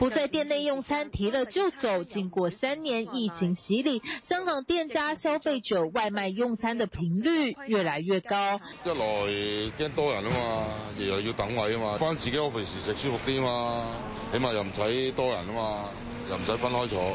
不在店內用餐，提了就走。經過三年疫情洗禮，香港店家、消費者外賣用餐的頻率越來越高。一來驚多人啊嘛，又要等位啊嘛，返自己 office 食舒服啲嘛，起碼又唔使多人啊嘛，又唔使分開坐。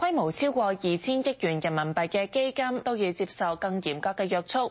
規模超過二千億元人民幣嘅基金都要接受更嚴格嘅約束。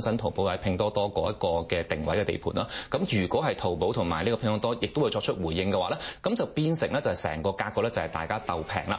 新淘寶喺拼多多嗰一個嘅定位嘅地盤啦，咁如果係淘寶同埋呢個拼多多亦都會作出回應嘅話咧，咁就變成咧就係成個格局咧就係大家鬥平啦。